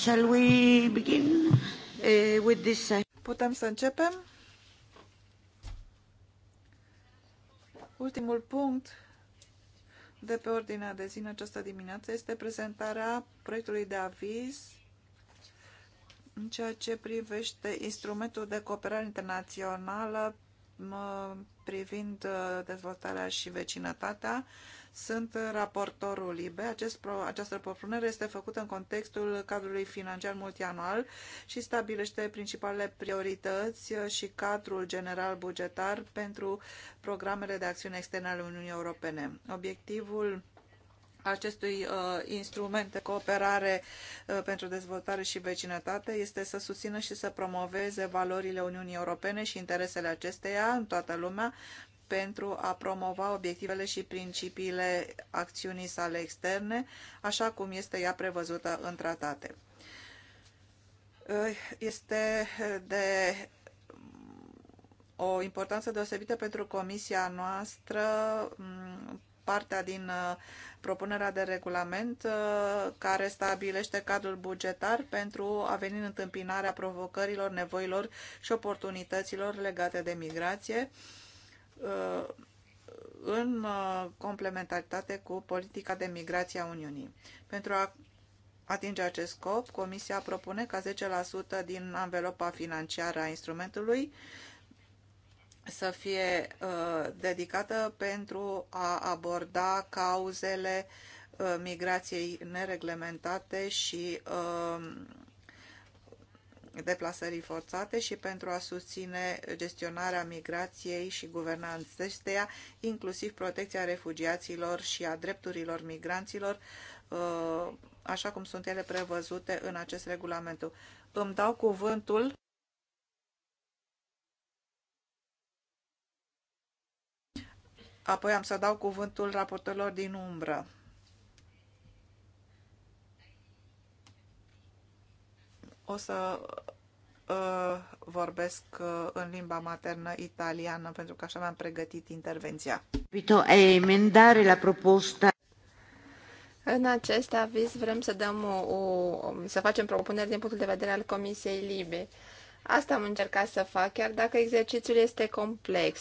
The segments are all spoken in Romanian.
Shall we begin uh, with this? Uh? Putem să începem? Ultimul punct de pe ordinea de zi în această dimineață este prezentarea proiectului de aviz în ceea ce privește instrumentul de cooperare internațională privind uh, dezvoltarea și vecinătatea. Sunt raportorul IBE. Acest pro, această propunere este făcută în contextul cadrului financiar multianual și stabilește principalele priorități uh, și cadrul general bugetar pentru programele de acțiune externe ale Uniunii Europene. Obiectivul acestui uh, instrument de cooperare uh, pentru dezvoltare și vecinătate este să susțină și să promoveze valorile Uniunii Europene și interesele acesteia în toată lumea pentru a promova obiectivele și principiile acțiunii sale externe, așa cum este ea prevăzută în tratate. Uh, este de o importanță deosebită pentru comisia noastră mm, partea din uh, propunerea de regulament uh, care stabilește cadrul bugetar pentru a veni în întâmpinarea provocărilor, nevoilor și oportunităților legate de migrație uh, în complementaritate cu politica de migrație a Uniunii. Pentru a atinge acest scop, Comisia propune ca 10% din anvelopa financiară a instrumentului să fie uh, dedicată pentru a aborda cauzele uh, migrației nereglementate și uh, deplasării forțate și pentru a susține gestionarea migrației și guvernanțesteia, inclusiv protecția refugiaților și a drepturilor migranților, uh, așa cum sunt ele prevăzute în acest regulament. Îmi dau cuvântul Apoi am să dau cuvântul raportorilor din umbră. O să uh, vorbesc uh, în limba maternă italiană pentru că așa mi-am pregătit intervenția. la proposta în acest aviz vrem să dăm o, o, să facem propuneri din punctul de vedere al Comisiei Libe. Asta am încercat să fac, chiar dacă exercițiul este complex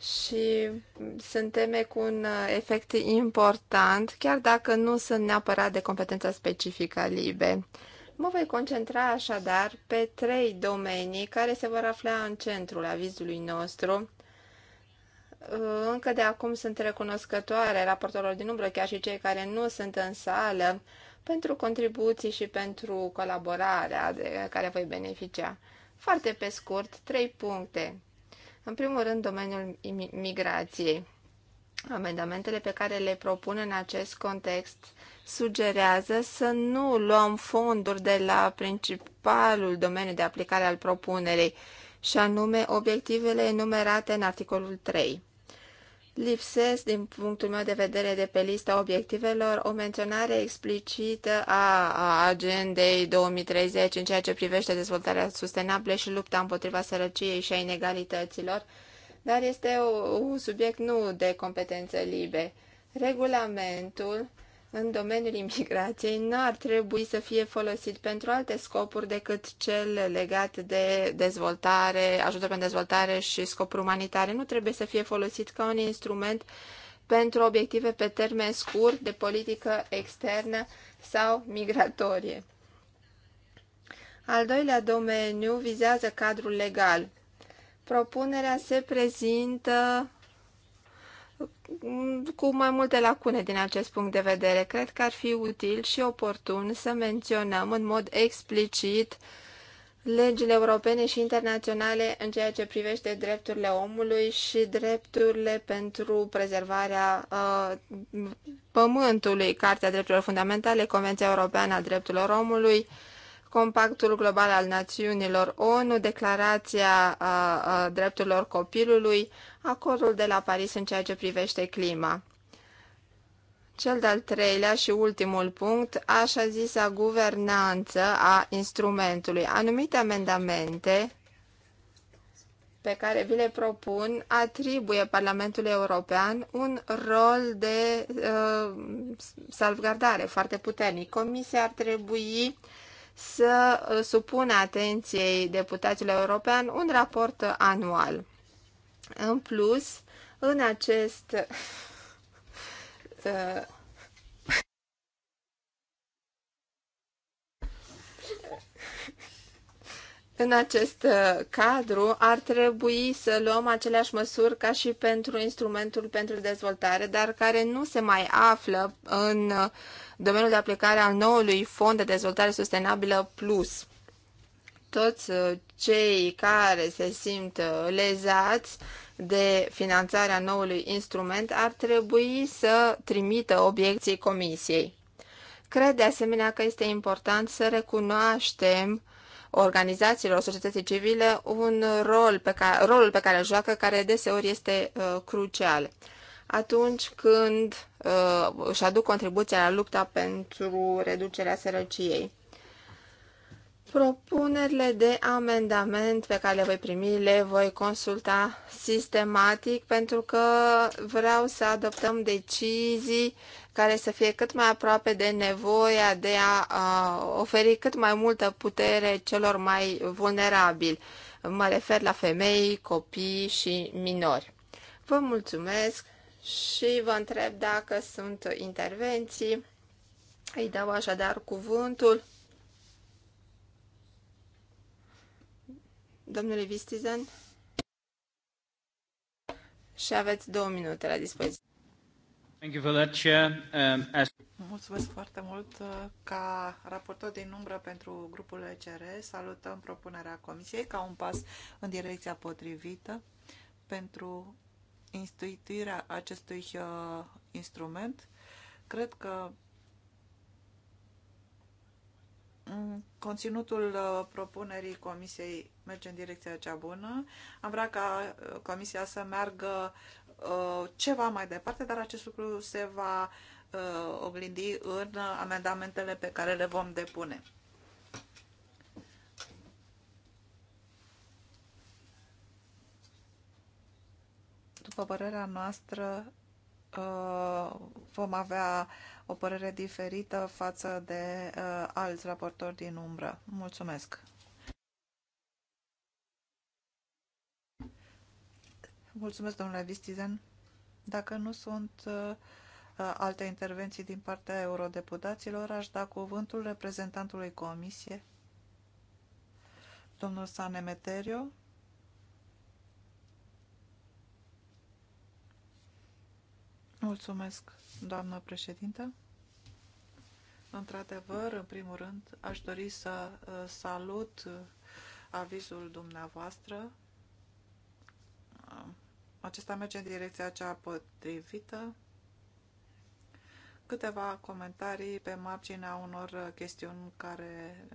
și sunt teme cu un uh, efect important, chiar dacă nu sunt neapărat de competența specifică a LIBE. Mă voi concentra așadar pe trei domenii care se vor afla în centrul avizului nostru. Încă de acum sunt recunoscătoare raportorilor din umbră, chiar și cei care nu sunt în sală, pentru contribuții și pentru colaborarea de care voi beneficia. Foarte pe scurt, trei puncte în primul rând, domeniul migrației. Amendamentele pe care le propun în acest context sugerează să nu luăm fonduri de la principalul domeniu de aplicare al propunerii, și anume obiectivele enumerate în articolul 3. Lipsesc, din punctul meu de vedere, de pe lista obiectivelor o menționare explicită a agendei 2030 în ceea ce privește dezvoltarea sustenabilă și lupta împotriva sărăciei și a inegalităților, dar este un subiect nu de competență libe. Regulamentul în domeniul imigrației nu ar trebui să fie folosit pentru alte scopuri decât cel legat de dezvoltare, ajutor pentru dezvoltare și scopuri umanitare. Nu trebuie să fie folosit ca un instrument pentru obiective pe termen scurt de politică externă sau migratorie. Al doilea domeniu vizează cadrul legal. Propunerea se prezintă cu mai multe lacune din acest punct de vedere. Cred că ar fi util și oportun să menționăm în mod explicit legile europene și internaționale în ceea ce privește drepturile omului și drepturile pentru prezervarea uh, pământului, Cartea Drepturilor Fundamentale, Convenția Europeană a Drepturilor Omului, Compactul Global al Națiunilor ONU, Declarația a, a, Drepturilor Copilului, Acordul de la Paris în ceea ce privește clima. Cel de-al treilea și ultimul punct, așa zisa guvernanță a instrumentului. Anumite amendamente pe care vi le propun atribuie Parlamentului European un rol de uh, salvgardare foarte puternic. Comisia ar trebui uh, să uh, supună atenției deputaților european un raport anual. În plus, în acest uh, În acest uh, cadru ar trebui să luăm aceleași măsuri ca și pentru instrumentul pentru dezvoltare, dar care nu se mai află în uh, domeniul de aplicare al noului Fond de Dezvoltare Sustenabilă Plus. Toți uh, cei care se simt lezați de finanțarea noului instrument ar trebui să trimită obiecții comisiei. Cred de asemenea că este important să recunoaștem uh, organizațiilor societății civile un rol pe care, rolul pe care îl joacă, care deseori este uh, crucial. Atunci când uh, își aduc contribuția la lupta pentru reducerea sărăciei. Propunerile de amendament pe care le voi primi le voi consulta sistematic pentru că vreau să adoptăm decizii care să fie cât mai aproape de nevoia de a, a oferi cât mai multă putere celor mai vulnerabili. Mă refer la femei, copii și minori. Vă mulțumesc și vă întreb dacă sunt intervenții. Îi dau așadar cuvântul. Domnule Vistizen? Și aveți două minute la dispoziție. Thank you for that, Chair. Um, as... Mulțumesc foarte mult. Uh, ca raportor din umbră pentru grupul ECR, salutăm propunerea Comisiei ca un pas în direcția potrivită pentru instituirea acestui uh, instrument. Cred că Mm, conținutul uh, propunerii Comisiei merge în direcția cea bună. Am vrea ca uh, Comisia să meargă uh, ceva mai departe, dar acest lucru se va oglindi în amendamentele pe care le vom depune. După părerea noastră, Uh, vom avea o părere diferită față de uh, alți raportori din umbră. Mulțumesc! Mulțumesc, domnule Vistizen. Dacă nu sunt uh, uh, alte intervenții din partea eurodeputaților, aș da cuvântul reprezentantului comisie, domnul Sanemeterio. Meterio. Mulțumesc, doamnă președintă. Într-adevăr, în primul rând, aș dori să uh, salut uh, avizul dumneavoastră. Uh, acesta merge în direcția cea potrivită. Câteva comentarii pe marginea unor chestiuni care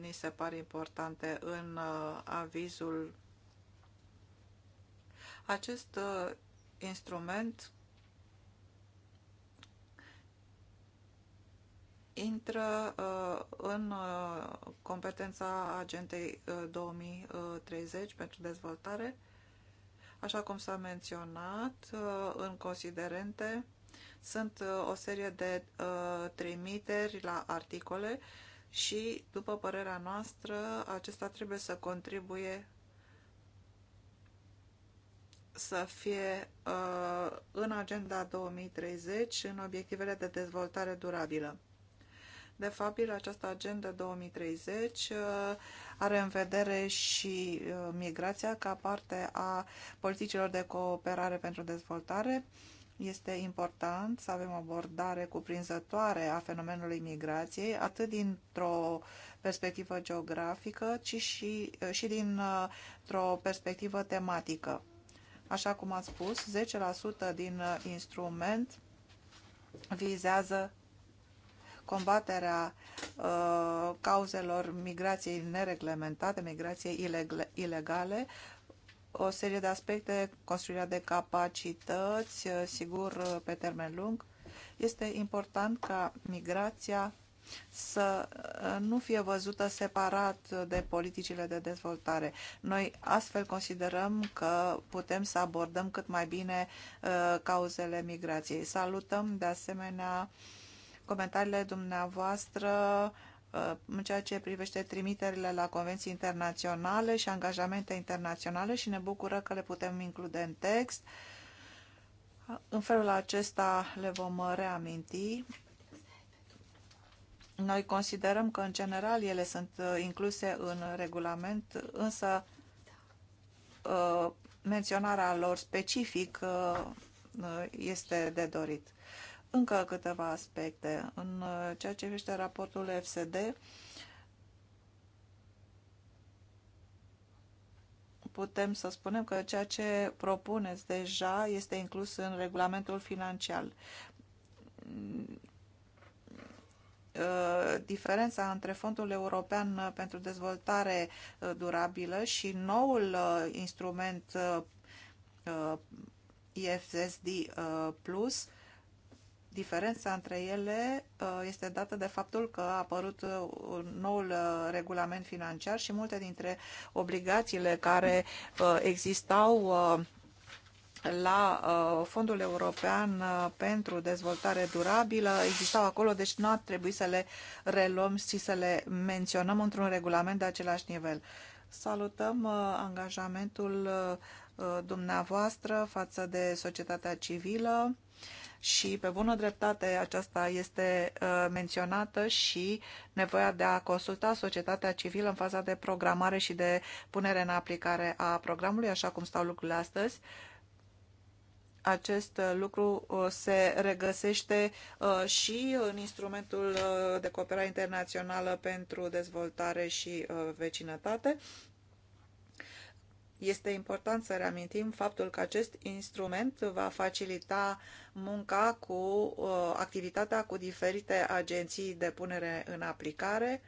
ni se par importante în avizul. Acest instrument intră uh, în uh, competența agentei 2030 uh, pentru dezvoltare, așa cum s-a menționat în considerente, sunt o serie de trimiteri la articole și, după părerea noastră, acesta trebuie să contribuie să fie uh, în Agenda 2030, în obiectivele de dezvoltare durabilă. De fapt, această Agenda 2030 uh, are în vedere și uh, migrația ca parte a politicilor de cooperare pentru dezvoltare. Este important să avem o abordare cuprinzătoare a fenomenului migrației, atât dintr-o perspectivă geografică, ci și, uh, și dintr-o perspectivă tematică Așa cum am spus, 10% din uh, instrument vizează combaterea uh, cauzelor migrației nereglementate, migrației ilegale, o serie de aspecte, construirea de capacități, uh, sigur, uh, pe termen lung. Este important ca migrația să uh, nu fie văzută separat de politicile de dezvoltare. Noi astfel considerăm că putem să abordăm cât mai bine uh, cauzele migrației. Salutăm de asemenea comentariile dumneavoastră uh, în ceea ce privește trimiterile la convenții internaționale și angajamente internaționale și ne bucură că le putem include în text. În felul acesta le vom reaminti noi considerăm că, în general, ele sunt uh, incluse în regulament, însă uh, menționarea lor specific uh, este de dorit. Încă câteva aspecte. În ceea ce privește raportul FSD, putem să spunem că ceea ce propuneți deja este inclus în regulamentul financiar. Uh, diferența între Fondul European uh, pentru Dezvoltare uh, Durabilă și noul instrument IFSD Plus, diferența între ele este dată de faptul că a apărut noul regulament financiar și multe dintre obligațiile care existau la uh, Fondul European uh, pentru Dezvoltare Durabilă existau acolo, deci nu ar trebui să le reluăm și să le menționăm într-un regulament de același nivel. Salutăm uh, angajamentul dumneavoastră față de societatea civilă și pe bună dreptate aceasta este menționată și nevoia de a consulta societatea civilă în faza de programare și de punere în aplicare a programului, așa cum stau lucrurile astăzi. Uh, acest uh, lucru uh, se regăsește uh, și în instrumentul de cooperare internațională pentru dezvoltare și vecinătate. Este important să reamintim faptul că acest instrument va facilita munca cu activitatea cu diferite agenții de punere în aplicare,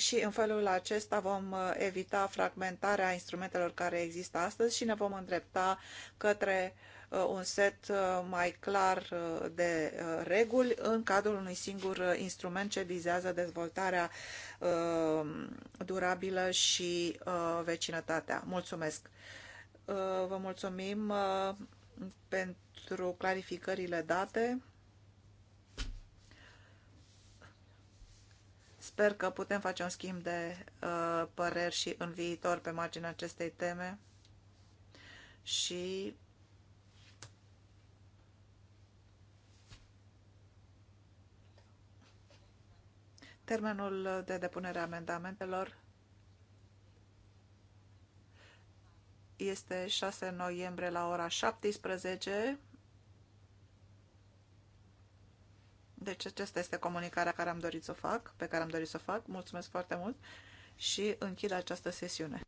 și în felul acesta vom uh, evita fragmentarea instrumentelor care există astăzi și ne vom îndrepta către uh, un set uh, mai clar de reguli în cadrul unui singur instrument ce vizează dezvoltarea durabilă și vecinătatea. Mulțumesc! Vă mulțumim pentru clarificările date. Sper că putem face un schimb de uh, păreri și în viitor pe marginea acestei teme și termenul de depunere a amendamentelor este 6 noiembrie la ora 17 Deci aceasta este comunicarea care am dorit să o fac, pe care am dorit să o fac. Mulțumesc foarte mult și închid această sesiune.